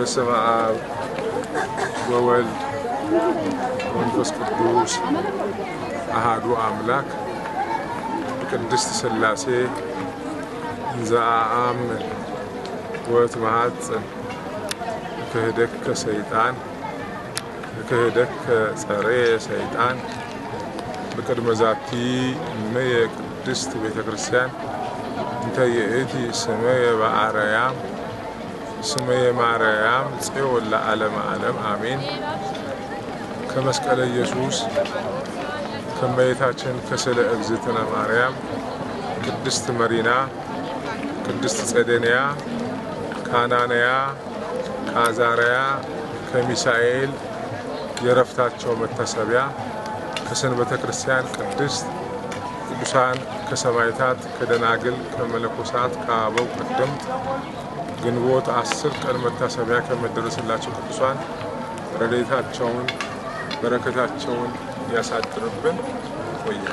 بسمع آه، وولد ونفس قدوس أهادو أملاك تكدس تسلاسي نزاع عام ويت مهات كهدك سيطان كهدك سري سيطان بكر مزاتي مي قدس تبيت كريستيان انت يأتي سمي بأريام ስመየ ማርያም ጽዮን ለዓለም ዓለም አሜን። ከመስቀለ ኢየሱስ ከመቤታችን ከስለ እግዝእትነ ማርያም ቅድስት መሪና፣ ቅድስት ጸደንያ፣ ካናንያ፣ ከአዛርያ፣ ከሚሳኤል የረፍታቸው መታሰቢያ ከሰንበተ ክርስቲያን ቅድስት ቅዱሳን ከሰማይታት ከደናግል ከመለኮሳት ከአበው ቀደምት ግንቦት አስር ቀን መታሰቢያ ከመደረስላቸው ቅዱሳን ረድኤታቸውን በረከታቸውን ያሳድርብን። ቆየ